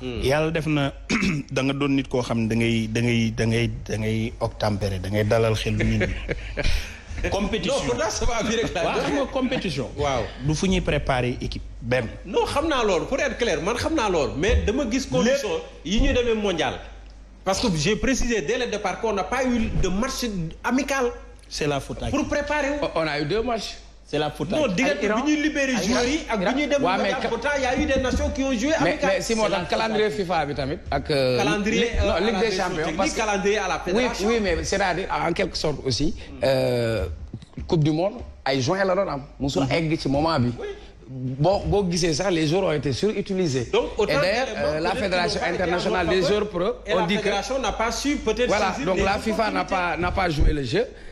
Hmm. yàlla def na da nga doon nit koo xam ne da ngay da ngay da ngay da ngay octempéré da ngay dalal xel lu nit ñi compétition waaw xam nga waaw du fu ñuy préparer équipe benn non xam naa loolu pour être clair man xam naa loolu mais dama gis condition yi ñu demee mondial parce que j'ai précisé dès le départ qu'on n'a pas eu de match amical c'est la faute pour préparer on a deux matchs C'est la faute. Non, directement, libérer les joueurs il y a eu des nations qui ont joué avec Mais c'est le calendrier FIFA bi tamit ak euh, calendrier euh, Ligue des Champions parce que calendrier à la fédération. Oui, oui, mais c'est-à-dire en quelque sorte aussi mm. euh Coupe du monde joué joint la doon Monsieur, musul mm. egg moment Oui. bon, bon ça, les jours ont été surutilisés. Donc, autant et d'ailleurs, euh, la Fédération internationale des jours pro, on dit que... la Fédération n'a pas su peut-être... Voilà, donc la FIFA n'a pas, pas joué le jeu.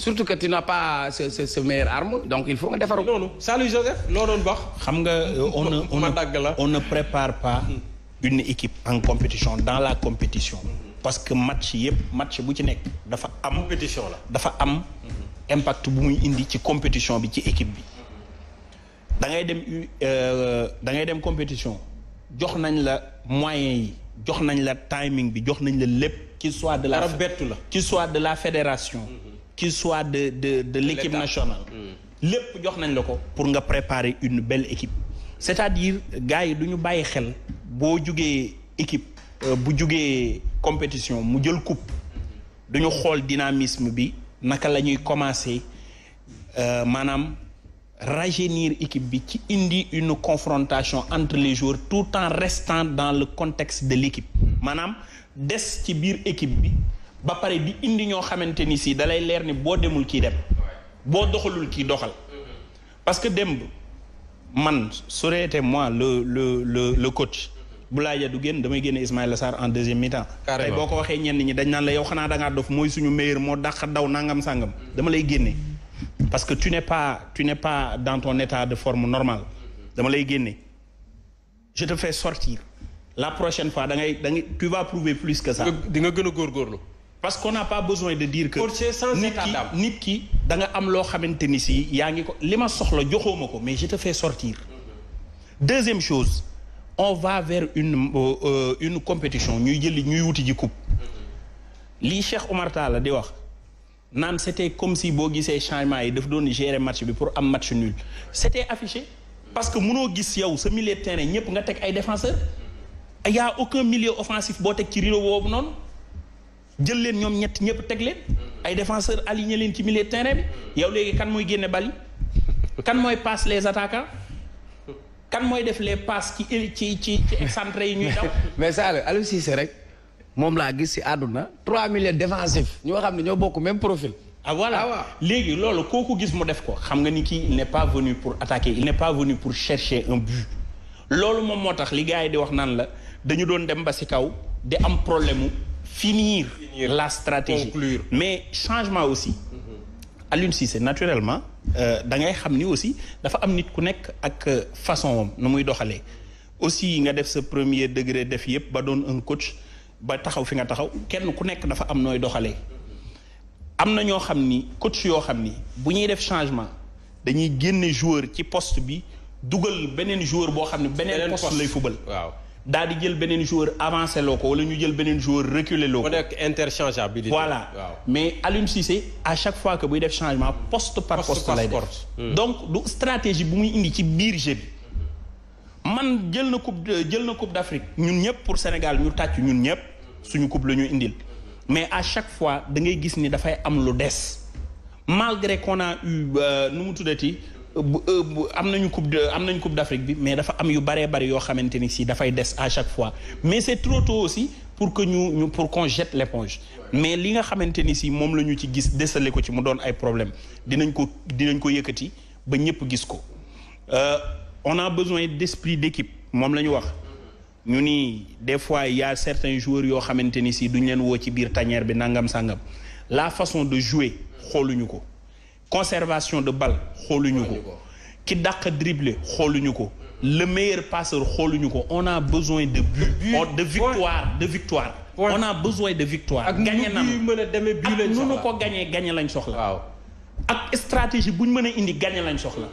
surtout que tu n'as pas ce meilleur donc il faut tu non non salut Joseph euh, on ne on prépare pas une équipe en compétition dans la compétition. parce que match match bu ci compétition impact compétition bi équipe bi. Euh, dem compétition jox la moyens la timing bi jox qui soit de soit de la fédération. Mm-hmm qu'il soit de de l'équipe nationale hmm. pour nga préparer une belle équipe c'est-à-dire gars yi nous ñu xel équipe euh, bu compétition mu jël coupe du nous dynamisme bi naka la commencer, commencer euh, madame, rajeunir équipe bi qui indi une confrontation entre les joueurs tout en restant dans le contexte de l'équipe Madame, des équipe bi ba pare di indi ñoo xamante ni si dalay leer ni boo demul kii dem boo doxalul kii doxal parce que démb man serait moi le le le le coach Boulaye du génn damay génne Ismaïla Sarr en deuxième mi-temps tey boo ko waxee ñenn ñi dañ naan la yow xanaa da ngaa dof mooy suñu meilleur moo dàq daw nangam sangam dama lay génne parce que tu n'es pas tu n'es pas dans ton état de forme normal. dama lay génne je te fais sortir la prochaine fois da ngay da ngay tu vas prouver plus que ça. di nga gën a góorgóorlu parce qu'on n'a pas besoin de dire que nit ki nit da nga am lo xamante si yaa ngi ko lima soxla joxomako mais je te fais sortir deuxième chose on va vers une euh, euh, une compétition ñuy jël ñuy wuti ji coupe Li Cheikh Omar Talla di wax c'était comme si bo gisee changement yi daf doon gérer match bi pour am match nul c'était affiché parce que mëno gis yow ce milieu de terrain ñep nga tek ay défenseurs y a aucun milieu offensif qui tek ci rideau bobu non jël leen ñoom ñett ñëpp teg leen ay défenseur aligné leen ci milieu terrain bi yow léegi kan mooy génne bali kan mooy passe les attaquants kan mooy def les passes ci ci ci ci excentré yi ñuy daw. mais ça Aliou Cissé rek moom laa gis si àdduna trois milliers défensif ñoo xam ne ñoo bokk même profil. ah voilà ah, léegi loolu kooku gis mu def ko xam nga ni kii il n'est pas venu pour attaquer il n'est pas venu pour chercher un but loolu moom moo tax li gars yi di wax naan la dañu doon dem ba si kaw di am problème finir, finir, la stratégie. Conclure. Mais changement aussi. à l'une si c'est naturellement euh, da ngay xam aussi dafa am nit ku nekk ak euh, façon nu muy doxalee aussi nga def ce premier degré def yëpp ba doon un coach ba taxaw fi nga taxaw kenn ku nekk dafa am nooy doxalee. Mm-hmm. am na ñoo xam ni coach yo xamni ni bu ñuy def changement dañuy génne joueur ci poste bi duggal benen joueur bo xamni benen poste lay football waaw daal di jël beneen joueur avancé loo ko wala ñu jël beneen joueur reculé loo ko. mu nekk interchangeabilité. voilà mais Aliou Cissé à chaque fois que buy def changement poste par poste lay def hmm. donc du stratégie bu muy indi ci biir jeu bi. man jël na coupe jël na coupe d'Afrique ñun ñëpp pour Sénégal ñu tàcc ñun ñëpp suñu coupe la ñu indil mais à chaque fois da ngay gis ni dafay am lu des malgré qu'on a eu euh, nu mu tuddati. Euh, am nañu coupe de coupe d'Afrique bi mais dafa am yu baree bari yoo xamante ni si dafay des à chaque fois mais c'est trop tôt aussi pour que ñu ñu pour qu'on jette l'éponge mais li nga xamante ni si moom la ñu ci gis desale ko ci mu doon ay problème dinañ ko dinañ ko yëkkati ba ñëpp gis ko euh, on a besoin d'esprit d'équipe moom la ñu wax ñu ni des fois il y a certains joueurs yoo xamante ni si duñ leen woo ci biir tanière bi nangam sangam la façon de jouer xooluñu ko conservation de balle xooluñu ko ki dàq dribble xooluñu le meilleur passeur xooluñu on a besoin de but de victoire de victoire on a besoin de victoire gañe na ak nu nu ko gagner gañe lañ soxla waaw ak stratégie bu ñu indi gagner lañ soxla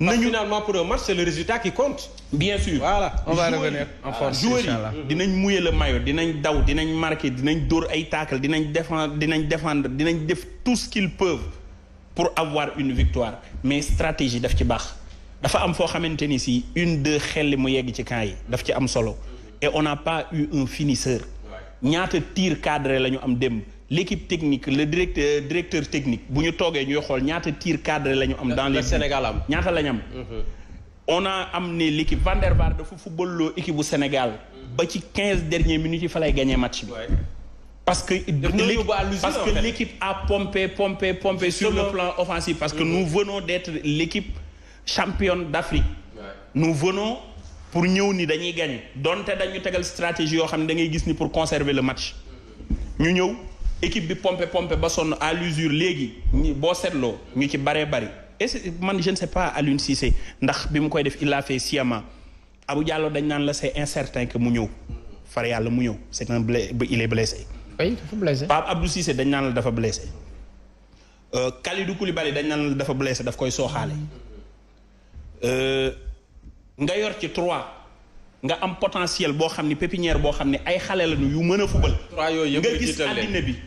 finalement pour le match c'est le résultat qui compte bien sûr voilà on va revenir en force joueurs yi dinañ mouiller le maillot dinañ daw dinañ marquer dinañ dor ay tacle dinañ défendre dinañ défendre dinañ def tout ce qu'ils peuvent pour avoir une victoire mais stratégie daf ci baax dafa am foo si une deux xel mu yegg ci camp yi daf am solo et on n'a pas eu un finisseur ñaata tir cadré la ñu am démb l'équipe technique le directeur directeur technique bu ñu a ñuy tir cadré la dans les Sénégal mm-hmm. on a amené l'équipe Van der Vaart de football loo équipe du Sénégal mm-hmm. ba ci 15 dernières minutes il fallait gagner match parce que, parce que l'équipe a pompé, pompé, pompé sur, le plan offensif. Parce que nous venons d'être l'équipe championne d'Afrique. Nous venons pour ñëw ni dañuy gagner Donc dañu tegal stratégie yoo xam ne da gis ni pour conserver le match ñu ñëw équipe bi pompé pompé ba son à l'usure légui ni boo seetloo ñu ci baré, bari et man je ne sais pas à Cissé ndax bi koy def il a fait sciemment Abou Diallo dañ là la c'est incertain que mu ñëw far yàlla mu ñëw c'est un il est blessé oui dafa blessé Pape Abdou Cissé dañ naan la dafa blessé euh, Kalidou Koulibaly dañ naan la dafa blessé daf koy sooxaale euh, nga yor ci trois nga am potentiel boo xam ni pépinière boo xam ne ay xale lañu yu mën a fubal. trois yooyu yëpp nga gis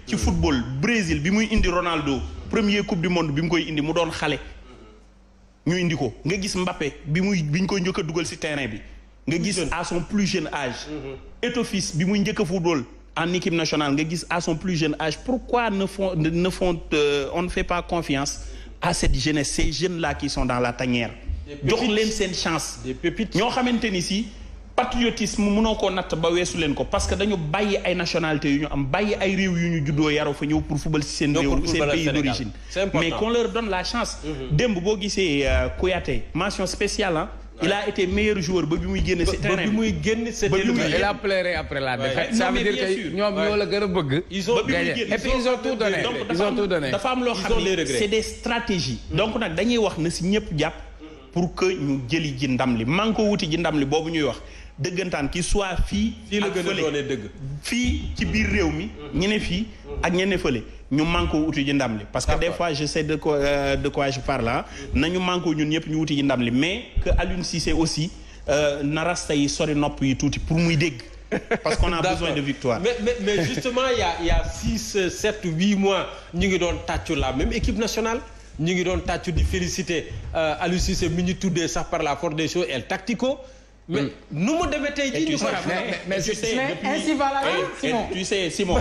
ci hmm. football Brésil bi muy indi Ronaldo premier coupe du monde bi mu koy indi mu doon xale. ñu indi ko nga gis Mbappé bi muy bi ñu koy njëkk a si terrain bi. nga gis à son plus jeune âge. Eto'o hmm. Fils bi muy njëkk football. en équipe nationale à son plus jeune âge pourquoi ne font ne font euh, on ne fait pas confiance à cette jeunesse ces jeunes là qui sont dans la tanière Donc c'est une chance des pépites ñoo xamante ici. patriotisme mënoo koo natt ba weesu parce que nous avons ay nationalité yu ñu am bàyyi ay réew yu pour football c'est pays d'origine mais qu'on leur donne la chance mm-hmm. démb qui euh, c'est Kouyaté mention spéciale hein il a été meilleur joueur ba bi muy génn si terrain ba bi muy génn c'était le meilleur il a pleuré après la défaite ça veut dire que ñom ñoo la gën a bëgg ils ont et puis ils ont tout donné ils ont tout donné dafa am loo xam c'est des stratégies donc nak dañuy wax na si ñëpp japp pour que ñu jëli ji ndam li manko ko wuti ji ndam li bobu ñuy wax deugantane ki soit fi fi le gën a doonee dëgg ci biir réew mi. ñu ak ñene feulé ñu manqué outil ji ndam li. parce que des fois je sais de quoi euh, de quoi je parle ah. nañu manqué ñun ñep ñu outil ji ndam li mais que Aliou c'est aussi euh, na rasta yi sori nopp yi touti pour muy deug parce qu'on a besoin de victoire. Mais, mais, mais justement, il y a, il y a 6, 7, 8 mois, nous avons tatchu la même équipe nationale. Nous avons tâché de féliciter euh, Alucis et de ça par la force des choses, El Tactico mais hmm. nous nous devons mais tu sais Simon.